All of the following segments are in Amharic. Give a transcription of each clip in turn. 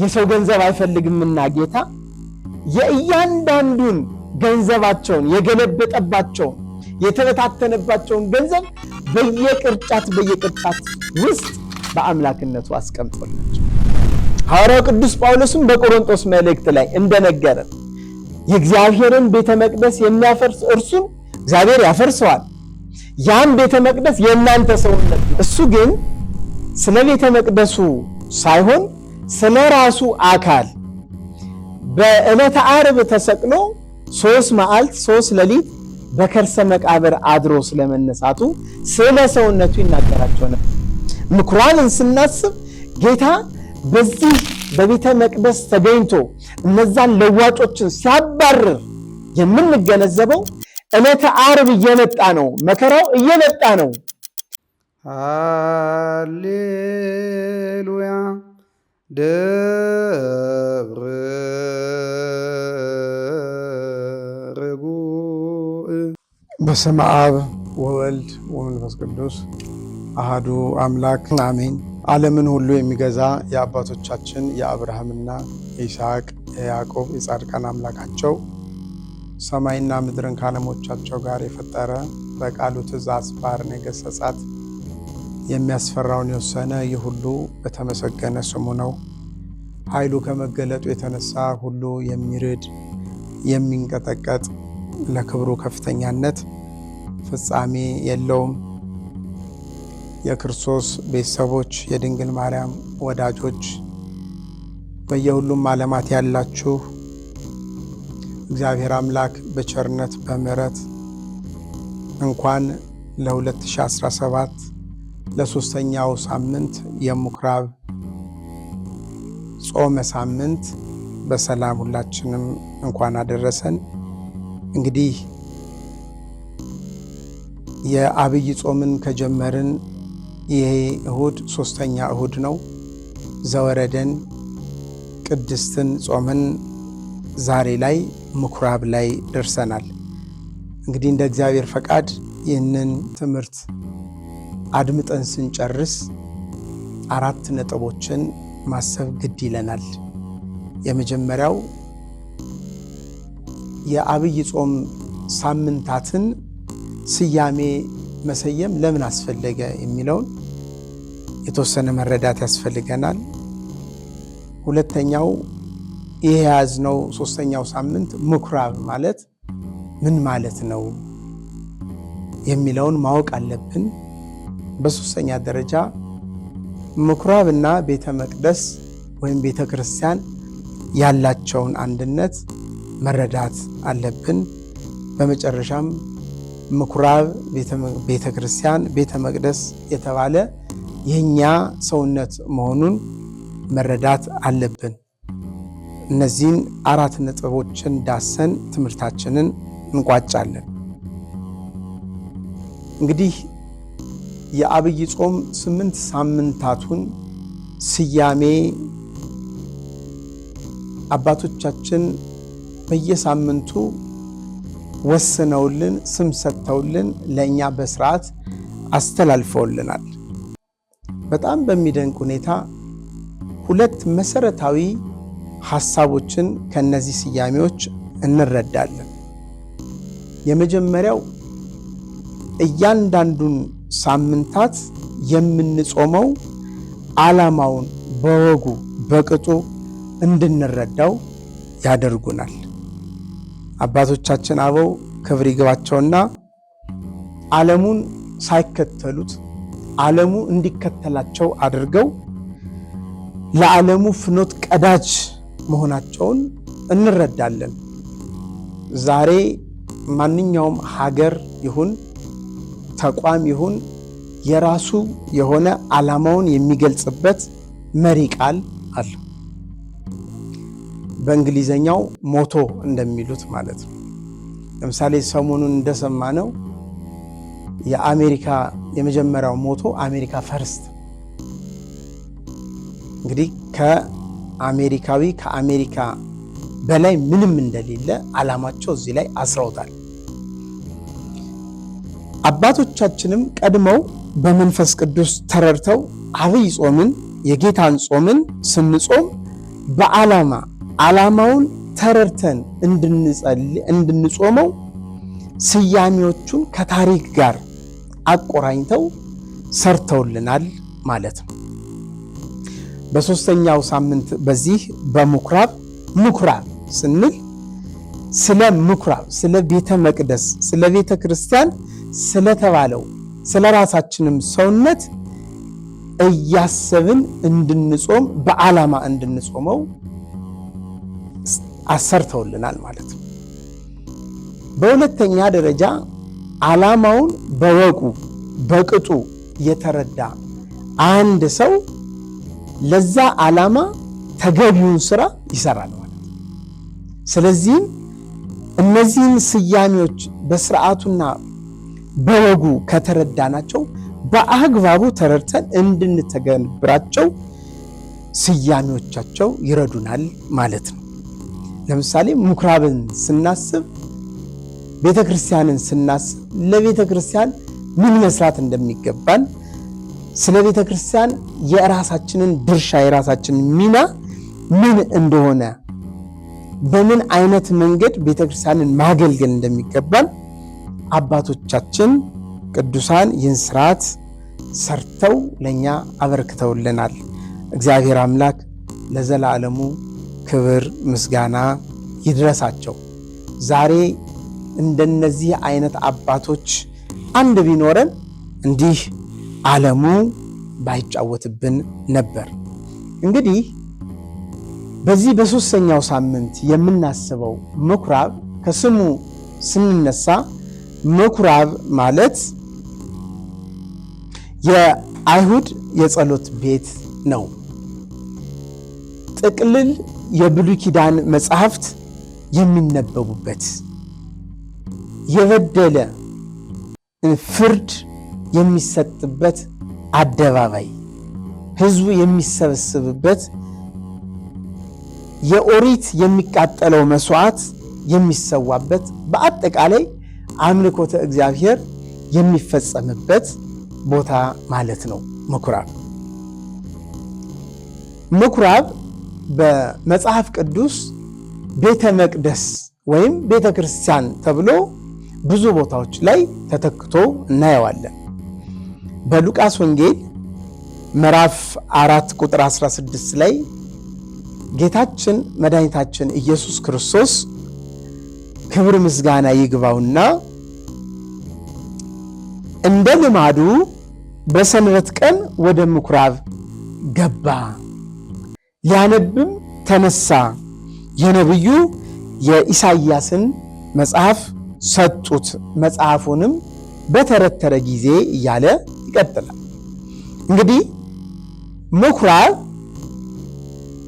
የሰው ገንዘብ አይፈልግምና ጌታ የእያንዳንዱን ገንዘባቸውን የገለበጠባቸውን የተበታተነባቸውን ገንዘብ በየቅርጫት በየቅርጫት ውስጥ በአምላክነቱ አስቀምጦላቸው ሐዋርያው ቅዱስ ጳውሎስም በቆሮንጦስ መልእክት ላይ እንደነገረን የእግዚአብሔርን ቤተ መቅደስ የሚያፈርስ እርሱን እግዚአብሔር ያፈርሰዋል። ያም ቤተ መቅደስ የእናንተ ሰውነት ነው። እሱ ግን ስለ ቤተ መቅደሱ ሳይሆን ስለ ራሱ አካል በዕለተ ዓርብ ተሰቅሎ ሶስት መዓልት ሶስት ሌሊት በከርሰ መቃብር አድሮ ስለመነሳቱ ስለ ሰውነቱ ይናገራቸው ነበር። ምኩራንን ስናስብ ጌታ በዚህ በቤተ መቅደስ ተገኝቶ እነዛን ለዋጮችን ሲያባርር የምንገነዘበው ዕለተ ዓርብ እየመጣ ነው፣ መከራው እየመጣ ነው። ሃሌሉያ ደብረ ርጉእ በስመ አብ ወወልድ ወመንፈስ ቅዱስ አሃዱ አምላክ አሜን። ዓለምን ሁሉ የሚገዛ የአባቶቻችን የአብርሃምና የይስሐቅ የያዕቆብ የጻድቃን አምላካቸው ሰማይና ምድርን ከዓለሞቻቸው ጋር የፈጠረ በቃሉ ትእዛዝ ባሕርን የገሠጻት የሚያስፈራውን የወሰነ ይህ ሁሉ በተመሰገነ ስሙ ነው። ኃይሉ ከመገለጡ የተነሳ ሁሉ የሚርድ የሚንቀጠቀጥ ለክብሩ ከፍተኛነት ፍጻሜ የለውም። የክርስቶስ ቤተሰቦች፣ የድንግል ማርያም ወዳጆች፣ በየሁሉም ዓለማት ያላችሁ እግዚአብሔር አምላክ በቸርነት በምሕረት እንኳን ለ2017 ለሶስተኛው ሳምንት የምኩራብ ጾመ ሳምንት በሰላም ሁላችንም እንኳን አደረሰን። እንግዲህ የአብይ ጾምን ከጀመርን ይሄ እሁድ ሶስተኛ እሁድ ነው። ዘወረደን ቅድስትን ጾምን ዛሬ ላይ ምኩራብ ላይ ደርሰናል። እንግዲህ እንደ እግዚአብሔር ፈቃድ ይህንን ትምህርት አድምጠን ስንጨርስ አራት ነጥቦችን ማሰብ ግድ ይለናል። የመጀመሪያው የአብይ ጾም ሳምንታትን ስያሜ መሰየም ለምን አስፈለገ የሚለውን የተወሰነ መረዳት ያስፈልገናል። ሁለተኛው ይህ የያዝነው ሶስተኛው ሳምንት ምኩራብ ማለት ምን ማለት ነው የሚለውን ማወቅ አለብን። በሶስተኛ ደረጃ ምኩራብና ቤተ መቅደስ ወይም ቤተ ክርስቲያን ያላቸውን አንድነት መረዳት አለብን። በመጨረሻም ምኩራብ ቤተ ክርስቲያን፣ ቤተ መቅደስ የተባለ የእኛ ሰውነት መሆኑን መረዳት አለብን። እነዚህን አራት ነጥቦችን ዳሰን ትምህርታችንን እንቋጫለን። እንግዲህ የአብይ ጾም ስምንት ሳምንታቱን ስያሜ አባቶቻችን በየሳምንቱ ወስነውልን ስም ሰጥተውልን ለእኛ በስርዓት አስተላልፈውልናል። በጣም በሚደንቅ ሁኔታ ሁለት መሰረታዊ ሀሳቦችን ከነዚህ ስያሜዎች እንረዳለን። የመጀመሪያው እያንዳንዱን ሳምንታት የምንጾመው ዓላማውን በወጉ በቅጡ እንድንረዳው ያደርጉናል። አባቶቻችን አበው ክብር ይግባቸውና ዓለሙን ሳይከተሉት ዓለሙ እንዲከተላቸው አድርገው ለዓለሙ ፍኖት ቀዳጅ መሆናቸውን እንረዳለን። ዛሬ ማንኛውም ሀገር ይሁን ተቋም ይሁን የራሱ የሆነ ዓላማውን የሚገልጽበት መሪ ቃል አለ። በእንግሊዘኛው ሞቶ እንደሚሉት ማለት ነው። ለምሳሌ ሰሞኑን እንደሰማነው የአሜሪካ የመጀመሪያው ሞቶ አሜሪካ ፈርስት። እንግዲህ ከአሜሪካዊ ከአሜሪካ በላይ ምንም እንደሌለ ዓላማቸው እዚህ ላይ አስረውታል። አባቶቻችንም ቀድመው በመንፈስ ቅዱስ ተረድተው አብይ ጾምን የጌታን ጾምን ስንጾም በዓላማ ዓላማውን ተረድተን እንድንጾመው ስያሜዎቹን ከታሪክ ጋር አቆራኝተው ሰርተውልናል ማለት ነው። በሶስተኛው ሳምንት በዚህ በምኩራብ ምኩራብ ስንል ስለ ምኩራብ፣ ስለ ቤተ መቅደስ፣ ስለ ቤተ ክርስቲያን ስለተባለው ስለ ራሳችንም ሰውነት እያሰብን እንድንጾም በዓላማ እንድንጾመው አሰርተውልናል ማለት ነው። በሁለተኛ ደረጃ ዓላማውን በወቁ በቅጡ የተረዳ አንድ ሰው ለዛ ዓላማ ተገቢውን ስራ ይሰራል ማለት ነው። ስለዚህም እነዚህን ስያሜዎች በስርዓቱና በወጉ ከተረዳናቸው በአግባቡ ተረድተን እንድንተገብራቸው ስያሜዎቻቸው ይረዱናል ማለት ነው። ለምሳሌ ምኩራብን ስናስብ፣ ቤተ ክርስቲያንን ስናስብ ለቤተ ክርስቲያን ምን መስራት እንደሚገባን ስለ ቤተ ክርስቲያን የራሳችንን ድርሻ የራሳችንን ሚና ምን እንደሆነ በምን አይነት መንገድ ቤተ ክርስቲያንን ማገልገል እንደሚገባን አባቶቻችን ቅዱሳን ይህን ስርዓት ሰርተው ለእኛ አበርክተውልናል። እግዚአብሔር አምላክ ለዘላለሙ ክብር ምስጋና ይድረሳቸው። ዛሬ እንደነዚህ አይነት አባቶች አንድ ቢኖረን እንዲህ ዓለሙ ባይጫወትብን ነበር። እንግዲህ በዚህ በሦስተኛው ሳምንት የምናስበው ምኩራብ ከስሙ ስንነሳ ምኩራብ ማለት የአይሁድ የጸሎት ቤት ነው። ጥቅልል የብሉይ ኪዳን መጽሐፍት የሚነበቡበት የበደለ ፍርድ የሚሰጥበት አደባባይ ሕዝቡ የሚሰበስብበት የኦሪት የሚቃጠለው መስዋዕት የሚሰዋበት በአጠቃላይ አምልኮተ እግዚአብሔር የሚፈጸምበት ቦታ ማለት ነው። ምኩራብ ምኩራብ በመጽሐፍ ቅዱስ ቤተ መቅደስ ወይም ቤተ ክርስቲያን ተብሎ ብዙ ቦታዎች ላይ ተተክቶ እናየዋለን። በሉቃስ ወንጌል ምዕራፍ 4 ቁጥር 16 ላይ ጌታችን መድኃኒታችን ኢየሱስ ክርስቶስ ክብር ምስጋና ይግባውና እንደ ልማዱ በሰንበት ቀን ወደ ምኩራብ ገባ፣ ያነብም ተነሳ። የነቢዩ የኢሳይያስን መጽሐፍ ሰጡት። መጽሐፉንም በተረተረ ጊዜ እያለ ይቀጥላል። እንግዲህ ምኩራብ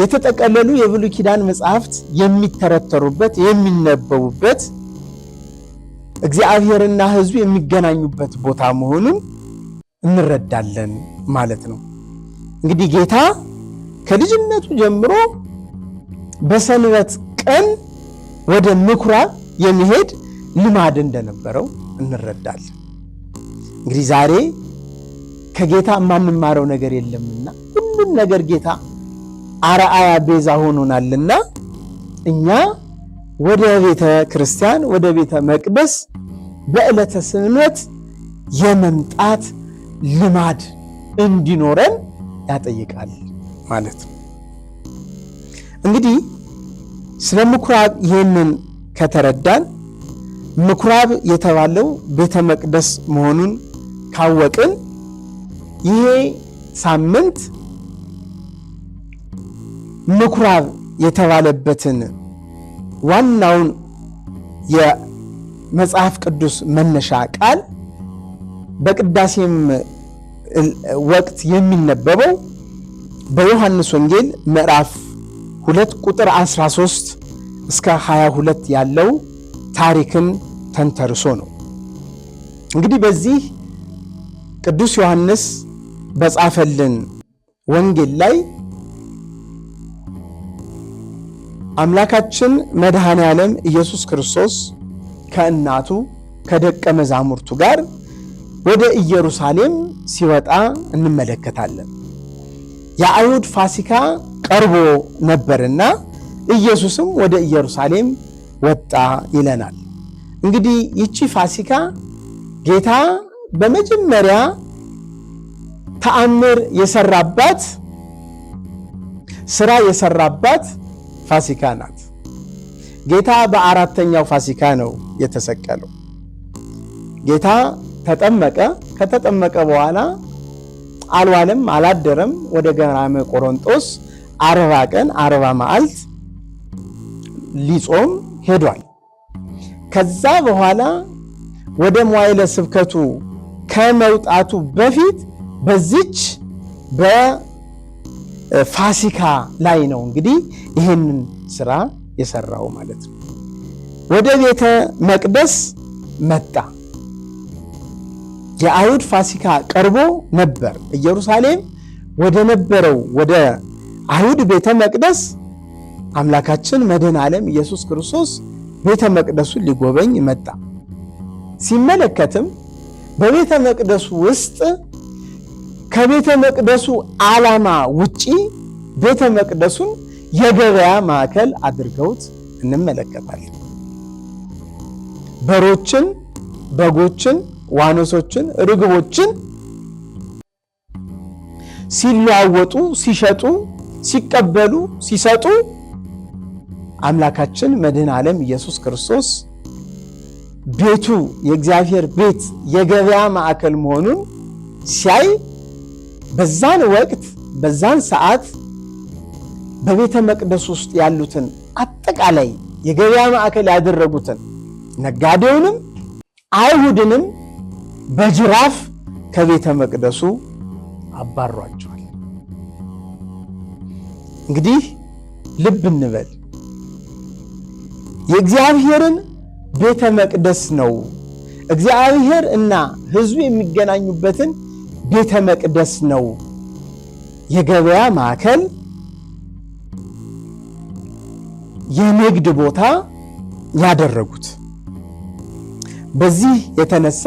የተጠቀለሉ የብሉይ ኪዳን መጽሐፍት የሚተረተሩበት የሚነበቡበት እግዚአብሔርና ሕዝቡ የሚገናኙበት ቦታ መሆኑን እንረዳለን ማለት ነው። እንግዲህ ጌታ ከልጅነቱ ጀምሮ በሰንበት ቀን ወደ ምኩራብ የሚሄድ ልማድ እንደነበረው እንረዳለን። እንግዲህ ዛሬ ከጌታ የማንማረው ነገር የለምና ሁሉም ነገር ጌታ አርአያ ቤዛ ሆኖናልና እኛ ወደ ቤተ ክርስቲያን ወደ ቤተ መቅደስ በዕለተ ስምነት የመምጣት ልማድ እንዲኖረን ያጠይቃል ማለት ነው። እንግዲህ ስለ ምኩራብ ይህንን ከተረዳን ምኩራብ የተባለው ቤተ መቅደስ መሆኑን ካወቅን ይሄ ሳምንት ምኩራብ የተባለበትን ዋናውን የመጽሐፍ ቅዱስ መነሻ ቃል በቅዳሴም ወቅት የሚነበበው በዮሐንስ ወንጌል ምዕራፍ 2 ቁጥር 13 እስከ 22 ያለው ታሪክን ተንተርሶ ነው። እንግዲህ በዚህ ቅዱስ ዮሐንስ በጻፈልን ወንጌል ላይ አምላካችን መድኃኔ ዓለም ኢየሱስ ክርስቶስ ከእናቱ ከደቀ መዛሙርቱ ጋር ወደ ኢየሩሳሌም ሲወጣ እንመለከታለን። የአይሁድ ፋሲካ ቀርቦ ነበርና ኢየሱስም ወደ ኢየሩሳሌም ወጣ ይለናል። እንግዲህ ይቺ ፋሲካ ጌታ በመጀመሪያ ተአምር የሰራባት ስራ የሰራባት ፋሲካ ናት። ጌታ በአራተኛው ፋሲካ ነው የተሰቀለው። ጌታ ተጠመቀ። ከተጠመቀ በኋላ አልዋለም፣ አላደረም። ወደ ገራመ ቆሮንጦስ አርባ ቀን አርባ መዓልት ሊጾም ሄዷል። ከዛ በኋላ ወደ መዋዕለ ስብከቱ ከመውጣቱ በፊት በዚች ፋሲካ ላይ ነው እንግዲህ ይህንን ስራ የሰራው ማለት ነው። ወደ ቤተ መቅደስ መጣ። የአይሁድ ፋሲካ ቀርቦ ነበር። ኢየሩሳሌም ወደ ነበረው ወደ አይሁድ ቤተ መቅደስ አምላካችን መድኃኔ ዓለም ኢየሱስ ክርስቶስ ቤተ መቅደሱን ሊጎበኝ መጣ። ሲመለከትም በቤተ መቅደሱ ውስጥ ከቤተ መቅደሱ ዓላማ ውጪ ቤተ መቅደሱን የገበያ ማዕከል አድርገውት እንመለከታለን። በሮችን፣ በጎችን፣ ዋኖሶችን፣ ርግቦችን ሲለዋወጡ፣ ሲሸጡ፣ ሲቀበሉ፣ ሲሰጡ አምላካችን መድህን ዓለም ኢየሱስ ክርስቶስ ቤቱ የእግዚአብሔር ቤት የገበያ ማዕከል መሆኑን ሲያይ በዛን ወቅት በዛን ሰዓት በቤተ መቅደስ ውስጥ ያሉትን አጠቃላይ የገበያ ማዕከል ያደረጉትን ነጋዴውንም አይሁድንም በጅራፍ ከቤተ መቅደሱ አባሯቸዋል። እንግዲህ ልብ እንበል። የእግዚአብሔርን ቤተ መቅደስ ነው እግዚአብሔር እና ሕዝቡ የሚገናኙበትን ቤተ መቅደስ ነው፣ የገበያ ማዕከል፣ የንግድ ቦታ ያደረጉት። በዚህ የተነሳ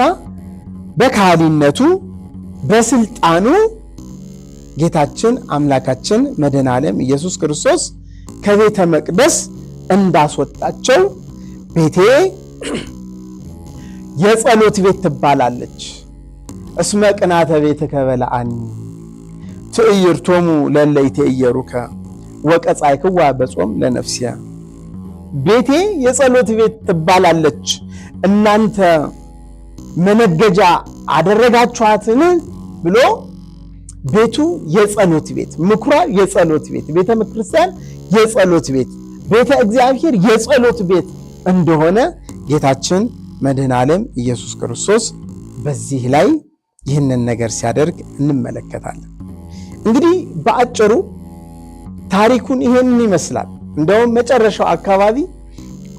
በካህሊነቱ በስልጣኑ ጌታችን አምላካችን መድኃኔ ዓለም ኢየሱስ ክርስቶስ ከቤተ መቅደስ እንዳስወጣቸው ቤቴ የጸሎት ቤት ትባላለች እስመ ቅናተ ቤትከ በልዓኒ ትዕይርቶሙ ለለይቴ እየሩከ ወቀጻይክዋ በጾም ለነፍስያ ቤቴ የጸሎት ቤት ትባላለች፣ እናንተ መነገጃ አደረጋችኋትን? ብሎ ቤቱ የጸሎት ቤት፣ ምኩራብ የጸሎት ቤት፣ ቤተ ክርስቲያን የጸሎት ቤት፣ ቤተ እግዚአብሔር የጸሎት ቤት እንደሆነ ጌታችን መድኃኔ ዓለም ኢየሱስ ክርስቶስ በዚህ ላይ ይህንን ነገር ሲያደርግ እንመለከታለን። እንግዲህ በአጭሩ ታሪኩን ይህንን ይመስላል። እንደውም መጨረሻው አካባቢ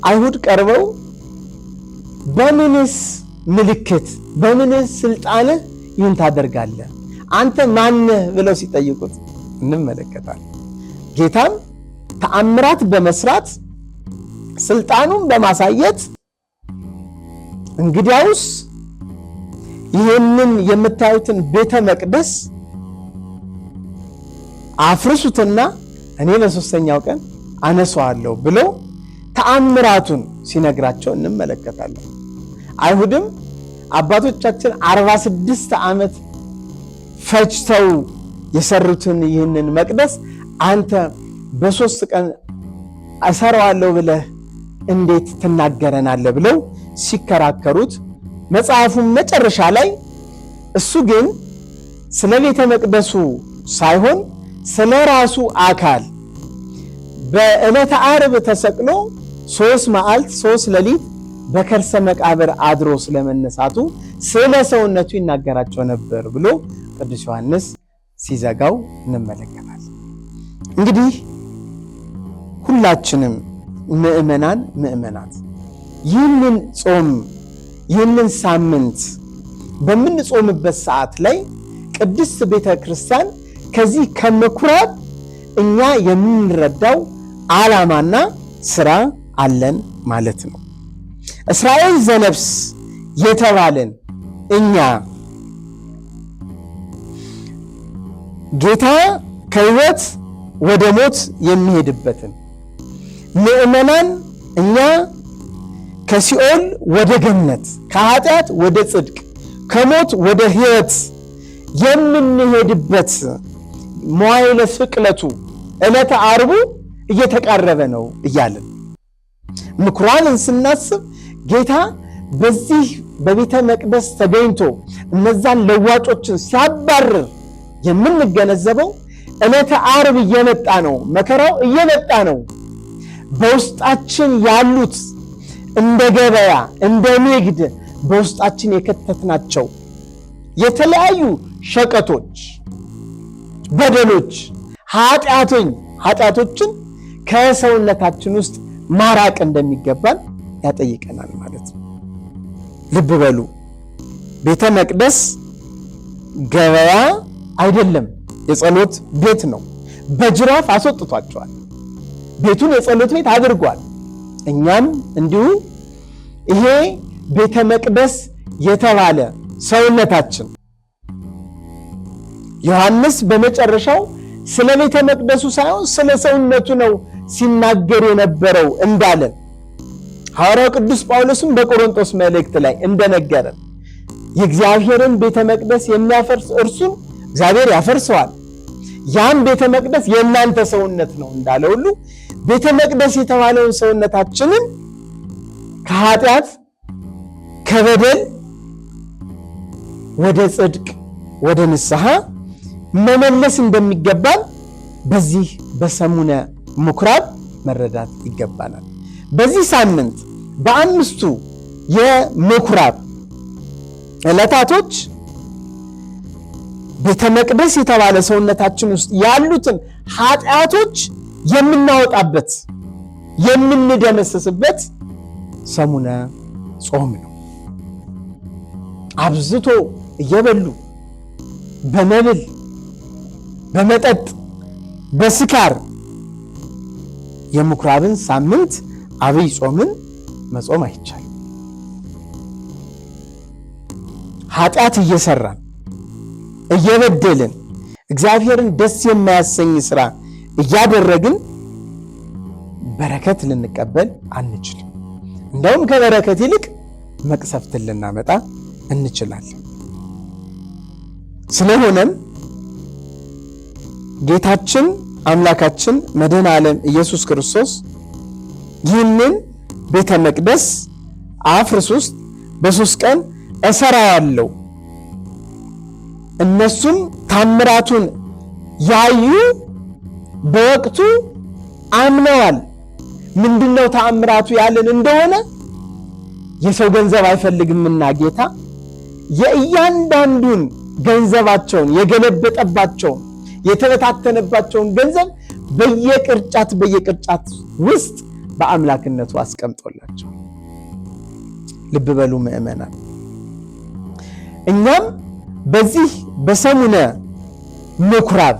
አይሁድ ቀርበው በምንስ ምልክት በምንስ ስልጣንህ ይህን ታደርጋለህ? አንተ ማንህ? ብለው ሲጠይቁት እንመለከታለን። ጌታም ተአምራት በመስራት ስልጣኑን በማሳየት እንግዲያውስ ይህንን የምታዩትን ቤተ መቅደስ አፍርሱትና እኔ ለሶስተኛው ቀን አነሳዋለሁ ብሎ ተአምራቱን ሲነግራቸው እንመለከታለን። አይሁድም አባቶቻችን 46 ዓመት ፈጅተው የሰሩትን ይህንን መቅደስ አንተ በሶስት ቀን እሰራዋለሁ ብለህ እንዴት ትናገረናለህ ብለው ሲከራከሩት መጽሐፉን መጨረሻ ላይ እሱ ግን ስለ ቤተ መቅደሱ ሳይሆን ስለ ራሱ አካል በዕለተ ዓርብ ተሰቅሎ ሶስት መዓልት ሶስት ሌሊት በከርሰ መቃብር አድሮ ስለመነሳቱ ስለ ሰውነቱ ይናገራቸው ነበር ብሎ ቅዱስ ዮሐንስ ሲዘጋው እንመለከታል። እንግዲህ ሁላችንም ምእመናን ምእመናት ይህንን ጾም ይህንን ሳምንት በምንጾምበት ሰዓት ላይ ቅድስት ቤተ ክርስቲያን ከዚህ ከምኩራብ እኛ የምንረዳው ዓላማና ስራ አለን ማለት ነው። እስራኤል ዘነብስ የተባለን እኛ ጌታ ከህይወት ወደ ሞት የሚሄድበትን ምእመናን እኛ ከሲኦል ወደ ገነት፣ ከኃጢአት ወደ ጽድቅ፣ ከሞት ወደ ሕይወት የምንሄድበት መዋይለ ስቅለቱ ዕለተ አርቡ እየተቃረበ ነው እያለን ምኩራንን ስናስብ ጌታ በዚህ በቤተ መቅደስ ተገኝቶ እነዛን ለዋጮችን ሲያባርር የምንገነዘበው ዕለተ አርብ እየመጣ ነው፣ መከራው እየመጣ ነው። በውስጣችን ያሉት እንደ ገበያ፣ እንደ ንግድ በውስጣችን የከተትናቸው የተለያዩ ሸቀጦች፣ በደሎች፣ ኃጢአቶኝ ኃጢአቶችን ከሰውነታችን ውስጥ ማራቅ እንደሚገባን ያጠይቀናል ማለት ነው። ልብ በሉ ቤተ መቅደስ ገበያ አይደለም፣ የጸሎት ቤት ነው። በጅራፍ አስወጥቷቸዋል። ቤቱን የጸሎት ቤት አድርጓል። እኛም እንዲሁ ይሄ ቤተ መቅደስ የተባለ ሰውነታችን ዮሐንስ በመጨረሻው ስለ ቤተ መቅደሱ ሳይሆን ስለ ሰውነቱ ነው ሲናገር የነበረው እንዳለ ሐዋርያው ቅዱስ ጳውሎስም በቆሮንቶስ መልእክት ላይ እንደነገረ የእግዚአብሔርን ቤተ መቅደስ የሚያፈርስ እርሱን እግዚአብሔር ያፈርሰዋል። ያም ቤተ መቅደስ የእናንተ ሰውነት ነው እንዳለ ሁሉ ቤተ መቅደስ የተባለውን ሰውነታችንን ከኃጢአት ከበደል ወደ ጽድቅ ወደ ንስሐ መመለስ እንደሚገባን በዚህ በሰሙነ ምኩራብ መረዳት ይገባናል። በዚህ ሳምንት በአምስቱ የምኩራብ ዕለታቶች ቤተ መቅደስ የተባለ ሰውነታችን ውስጥ ያሉትን ኃጢአቶች የምናወጣበት የምንደመስስበት ሰሙነ ጾም ነው። አብዝቶ እየበሉ በመብል በመጠጥ በስካር የምኩራብን ሳምንት አብይ ጾምን መጾም አይቻልም። ኃጢአት እየሰራን እየበደልን እግዚአብሔርን ደስ የማያሰኝ ስራ እያደረግን በረከት ልንቀበል አንችልም። እንደውም ከበረከት ይልቅ መቅሰፍትን ልናመጣ እንችላለን። ስለሆነም ጌታችን አምላካችን መድኃኔ ዓለም ኢየሱስ ክርስቶስ ይህንን ቤተ መቅደስ አፍርስ ውስጥ በሶስት ቀን እሰራዋለሁ እነሱም ታምራቱን ያዩ በወቅቱ አምነዋል። ምንድነው ተአምራቱ ያለን እንደሆነ የሰው ገንዘብ አይፈልግምና ጌታ የእያንዳንዱን ገንዘባቸውን የገለበጠባቸውን የተበታተነባቸውን ገንዘብ በየቅርጫት በየቅርጫት ውስጥ በአምላክነቱ አስቀምጦላቸው። ልብ በሉ ምእመናን፣ እኛም በዚህ በሰሙነ ምኩራብ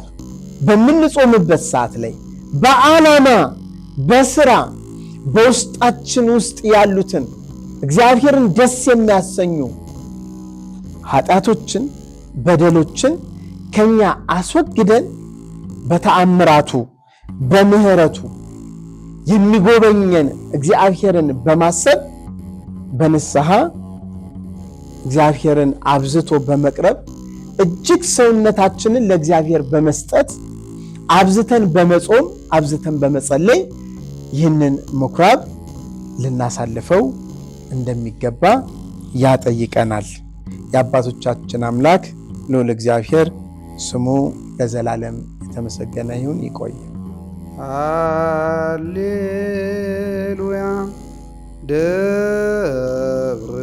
በምንጾምበት ሰዓት ላይ በዓላማ በስራ በውስጣችን ውስጥ ያሉትን እግዚአብሔርን ደስ የሚያሰኙ ኃጢአቶችን፣ በደሎችን ከኛ አስወግደን በተአምራቱ በምህረቱ የሚጎበኘን እግዚአብሔርን በማሰብ በንስሐ እግዚአብሔርን አብዝቶ በመቅረብ እጅግ ሰውነታችንን ለእግዚአብሔር በመስጠት አብዝተን በመጾም አብዝተን በመጸለይ ይህንን ምኩራብ ልናሳልፈው እንደሚገባ ያጠይቀናል። የአባቶቻችን አምላክ ልዑል እግዚአብሔር ስሙ ለዘላለም የተመሰገነ ይሁን። ይቆይ። ሃሌሉያ ደብረ